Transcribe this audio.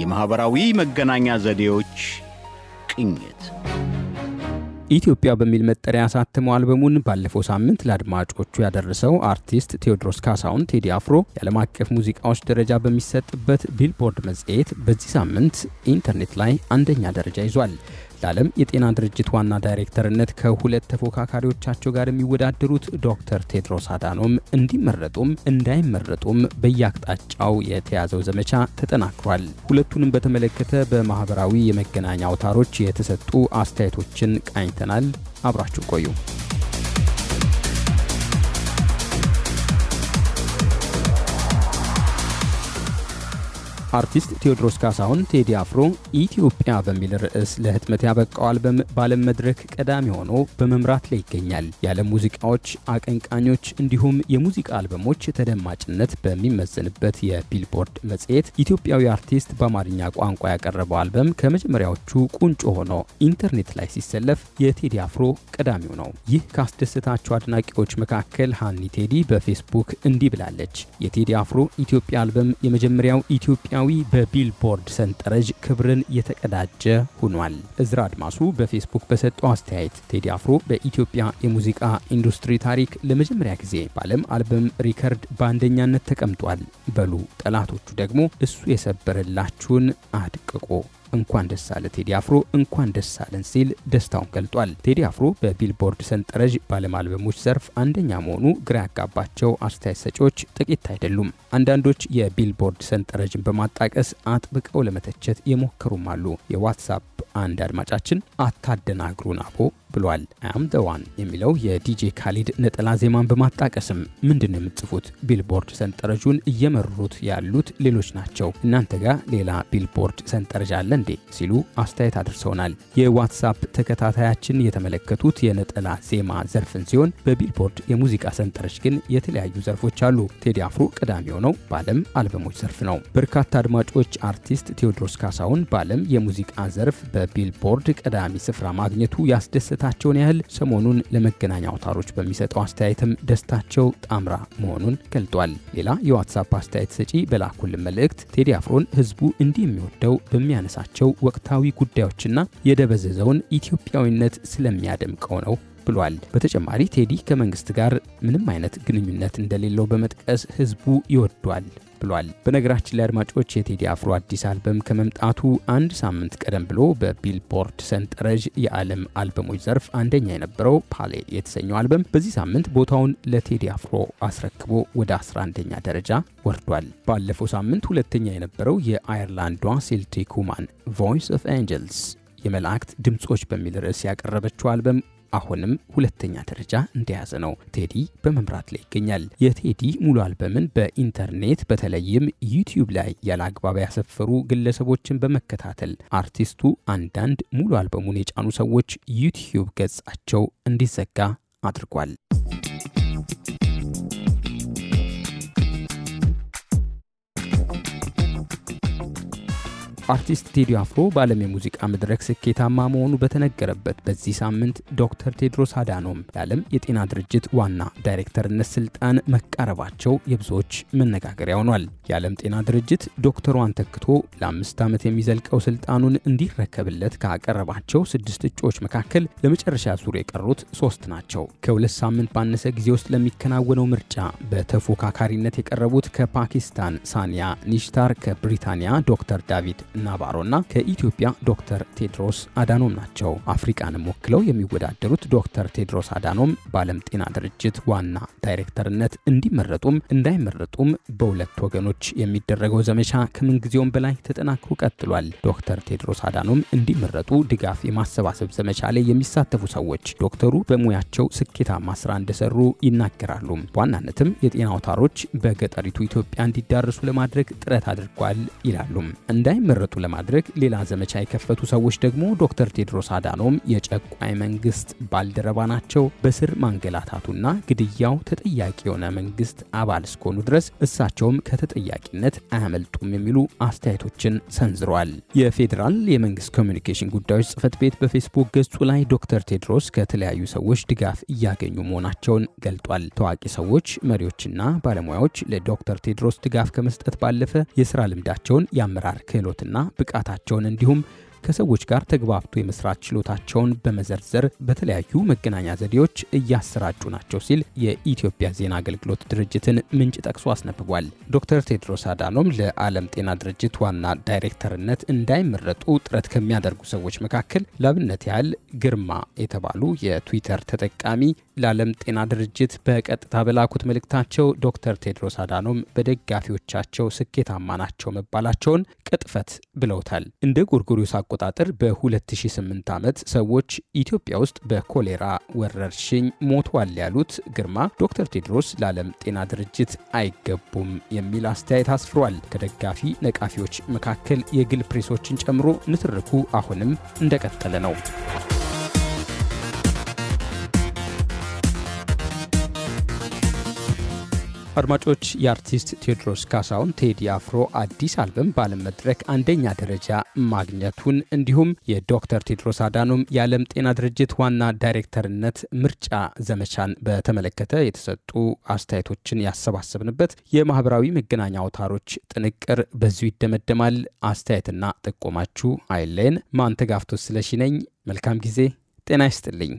የማኅበራዊ መገናኛ ዘዴዎች ቅኝት ኢትዮጵያ በሚል መጠሪያ ያሳተመው አልበሙን ባለፈው ሳምንት ለአድማጮቹ ያደረሰው አርቲስት ቴዎድሮስ ካሳውን ቴዲ አፍሮ የዓለም አቀፍ ሙዚቃዎች ደረጃ በሚሰጥበት ቢልቦርድ መጽሔት በዚህ ሳምንት ኢንተርኔት ላይ አንደኛ ደረጃ ይዟል። ዓለም የጤና ድርጅት ዋና ዳይሬክተርነት ከሁለት ተፎካካሪዎቻቸው ጋር የሚወዳደሩት ዶክተር ቴድሮስ አዳኖም እንዲመረጡም እንዳይመረጡም በየአቅጣጫው የተያዘው ዘመቻ ተጠናክሯል። ሁለቱንም በተመለከተ በማህበራዊ የመገናኛ አውታሮች የተሰጡ አስተያየቶችን ቃኝተናል። አብራችሁ ቆዩ። አርቲስት ቴዎድሮስ ካሳሁን ቴዲ አፍሮ ኢትዮጵያ በሚል ርዕስ ለህትመት ያበቃው አልበም በዓለም መድረክ ቀዳሚ ሆኖ በመምራት ላይ ይገኛል። የዓለም ሙዚቃዎች አቀንቃኞች፣ እንዲሁም የሙዚቃ አልበሞች ተደማጭነት በሚመዘንበት የቢልቦርድ መጽሔት ኢትዮጵያዊ አርቲስት በአማርኛ ቋንቋ ያቀረበው አልበም ከመጀመሪያዎቹ ቁንጮ ሆኖ ኢንተርኔት ላይ ሲሰለፍ የቴዲ አፍሮ ቀዳሚው ነው። ይህ ካስደሰታቸው አድናቂዎች መካከል ሃኒ ቴዲ በፌስቡክ እንዲህ ብላለች። የቴዲ አፍሮ ኢትዮጵያ አልበም የመጀመሪያው ኢትዮጵያ ዘመናዊ በቢልቦርድ ሰንጠረዥ ክብርን የተቀዳጀ ሆኗል። እዝራ አድማሱ በፌስቡክ በሰጠው አስተያየት ቴዲ አፍሮ በኢትዮጵያ የሙዚቃ ኢንዱስትሪ ታሪክ ለመጀመሪያ ጊዜ በዓለም አልበም ሪከርድ በአንደኛነት ተቀምጧል። በሉ ጠላቶቹ ደግሞ እሱ የሰበረላችሁን አድቅቆ እንኳን ደስ አለ ቴዲ አፍሮ እንኳን ደስ አለን ሲል ደስታውን ገልጧል። ቴዲ አፍሮ በቢልቦርድ ሰንጠረዥ ባለም አልበሞች ዘርፍ አንደኛ መሆኑ ግራ ያጋባቸው አስተያየት ሰጪዎች ጥቂት አይደሉም። አንዳንዶች የቢልቦርድ ሰንጠረዥን በማጣቀስ አጥብቀው ለመተቸት የሞከሩም አሉ። የዋትሳፕ አንድ አድማጫችን አታደናግሩን አቦ ብሏል። አም ደዋን የሚለው የዲጄ ካሊድ ነጠላ ዜማን በማጣቀስም ምንድን ነው የምትጽፉት? ቢልቦርድ ሰንጠረዡን እየመሩት ያሉት ሌሎች ናቸው። እናንተ ጋር ሌላ ቢልቦርድ ሰንጠረዥ አለ እንዴ? ሲሉ አስተያየት አድርሰውናል። የዋትሳፕ ተከታታያችን የተመለከቱት የነጠላ ዜማ ዘርፍን ሲሆን በቢልቦርድ የሙዚቃ ሰንጠረዥ ግን የተለያዩ ዘርፎች አሉ። ቴዲ አፍሮ ቀዳሚ የሆነው በዓለም አልበሞች ዘርፍ ነው። በርካታ አድማጮች አርቲስት ቴዎድሮስ ካሳሁን በዓለም የሙዚቃ ዘርፍ በቢልቦርድ ቀዳሚ ስፍራ ማግኘቱ ያስደስታል የደስታቸውን ያህል ሰሞኑን ለመገናኛ አውታሮች በሚሰጠው አስተያየትም ደስታቸው ጣምራ መሆኑን ገልጧል። ሌላ የዋትሳፕ አስተያየት ሰጪ በላኩልን መልእክት ቴዲ አፍሮን ህዝቡ እንዲህ የሚወደው በሚያነሳቸው ወቅታዊ ጉዳዮችና የደበዘዘውን ኢትዮጵያዊነት ስለሚያደምቀው ነው ብሏል። በተጨማሪ ቴዲ ከመንግስት ጋር ምንም አይነት ግንኙነት እንደሌለው በመጥቀስ ህዝቡ ይወዷል ብሏል። በነገራችን ላይ አድማጮች የቴዲ አፍሮ አዲስ አልበም ከመምጣቱ አንድ ሳምንት ቀደም ብሎ በቢልቦርድ ሰንጠረዥ የዓለም አልበሞች ዘርፍ አንደኛ የነበረው ፓሌ የተሰኘው አልበም በዚህ ሳምንት ቦታውን ለቴዲ አፍሮ አስረክቦ ወደ 11ኛ ደረጃ ወርዷል። ባለፈው ሳምንት ሁለተኛ የነበረው የአየርላንዷ ሴልቲ ኩማን ቮይስ ኦፍ አንጀልስ የመላእክት ድምፆች በሚል ርዕስ ያቀረበችው አልበም አሁንም ሁለተኛ ደረጃ እንደያዘ ነው ቴዲ በመምራት ላይ ይገኛል። የቴዲ ሙሉ አልበምን በኢንተርኔት በተለይም ዩቲዩብ ላይ ያለ አግባብ ያሰፈሩ ግለሰቦችን በመከታተል አርቲስቱ አንዳንድ ሙሉ አልበሙን የጫኑ ሰዎች ዩቲዩብ ገጻቸው እንዲዘጋ አድርጓል። አርቲስት ቴዲ አፍሮ በዓለም የሙዚቃ መድረክ ስኬታማ መሆኑ በተነገረበት በዚህ ሳምንት ዶክተር ቴድሮስ አዳኖም የዓለም የጤና ድርጅት ዋና ዳይሬክተርነት ስልጣን መቃረባቸው የብዙዎች መነጋገሪያ ሆኗል። የዓለም ጤና ድርጅት ዶክተሯን ተክቶ ለአምስት ዓመት የሚዘልቀው ስልጣኑን እንዲረከብለት ካቀረባቸው ስድስት እጩዎች መካከል ለመጨረሻ ዙር የቀሩት ሶስት ናቸው። ከሁለት ሳምንት ባነሰ ጊዜ ውስጥ ለሚከናወነው ምርጫ በተፎካካሪነት የቀረቡት ከፓኪስታን ሳኒያ ኒሽታር፣ ከብሪታንያ ዶክተር ዳቪድ ናባሮና ከኢትዮጵያ ዶክተር ቴድሮስ አዳኖም ናቸው። አፍሪቃንም ወክለው የሚወዳደሩት ዶክተር ቴድሮስ አዳኖም በዓለም ጤና ድርጅት ዋና ዳይሬክተርነት እንዲመረጡም እንዳይመረጡም በሁለት ወገኖች የሚደረገው ዘመቻ ከምንጊዜውም በላይ ተጠናክሮ ቀጥሏል። ዶክተር ቴድሮስ አዳኖም እንዲመረጡ ድጋፍ የማሰባሰብ ዘመቻ ላይ የሚሳተፉ ሰዎች ዶክተሩ በሙያቸው ስኬታማ ስራ እንደሰሩ ይናገራሉ። በዋናነትም የጤና አውታሮች በገጠሪቱ ኢትዮጵያ እንዲዳረሱ ለማድረግ ጥረት አድርጓል ይላሉ። እንዳይመረ እንዲመረጡ ለማድረግ ሌላ ዘመቻ የከፈቱ ሰዎች ደግሞ ዶክተር ቴድሮስ አዳኖም የጨቋይ መንግስት ባልደረባ ናቸው። በስር ማንገላታቱና ግድያው ተጠያቂ የሆነ መንግስት አባል እስከሆኑ ድረስ እሳቸውም ከተጠያቂነት አያመልጡም የሚሉ አስተያየቶችን ሰንዝረዋል። የፌዴራል የመንግስት ኮሚኒኬሽን ጉዳዮች ጽህፈት ቤት በፌስቡክ ገጹ ላይ ዶክተር ቴድሮስ ከተለያዩ ሰዎች ድጋፍ እያገኙ መሆናቸውን ገልጧል። ታዋቂ ሰዎች፣ መሪዎችና ባለሙያዎች ለዶክተር ቴድሮስ ድጋፍ ከመስጠት ባለፈ የስራ ልምዳቸውን፣ የአመራር ክህሎትና ብቃታቸውን እንዲሁም ከሰዎች ጋር ተግባብቶ የመስራት ችሎታቸውን በመዘርዘር በተለያዩ መገናኛ ዘዴዎች እያሰራጩ ናቸው ሲል የኢትዮጵያ ዜና አገልግሎት ድርጅትን ምንጭ ጠቅሶ አስነብቧል። ዶክተር ቴድሮስ አዳኖም ለዓለም ጤና ድርጅት ዋና ዳይሬክተርነት እንዳይመረጡ ጥረት ከሚያደርጉ ሰዎች መካከል ለአብነት ያህል ግርማ የተባሉ የትዊተር ተጠቃሚ ለዓለም ጤና ድርጅት በቀጥታ በላኩት መልእክታቸው ዶክተር ቴድሮስ አዳኖም በደጋፊዎቻቸው ስኬታማ ናቸው መባላቸውን ቅጥፈት ብለውታል። እንደ ጎርጎሪዮስ አቆጣጠር በ2008 ዓመት ሰዎች ኢትዮጵያ ውስጥ በኮሌራ ወረርሽኝ ሞቷል ያሉት ግርማ ዶክተር ቴድሮስ ለዓለም ጤና ድርጅት አይገቡም የሚል አስተያየት አስፍሯል። ከደጋፊ ነቃፊዎች መካከል የግል ፕሬሶችን ጨምሮ ንትርኩ አሁንም እንደቀጠለ ነው። አድማጮች የአርቲስት ቴዎድሮስ ካሳውን ቴዲ አፍሮ አዲስ አልበም በአለም መድረክ አንደኛ ደረጃ ማግኘቱን እንዲሁም የዶክተር ቴዎድሮስ አዳኖም የዓለም ጤና ድርጅት ዋና ዳይሬክተርነት ምርጫ ዘመቻን በተመለከተ የተሰጡ አስተያየቶችን ያሰባሰብንበት የማህበራዊ መገናኛ አውታሮች ጥንቅር በዚሁ ይደመደማል። አስተያየትና ጥቆማችሁ አይለን ማንተጋፍቶ ስለሺ ነኝ። መልካም ጊዜ። ጤና ይስጥልኝ።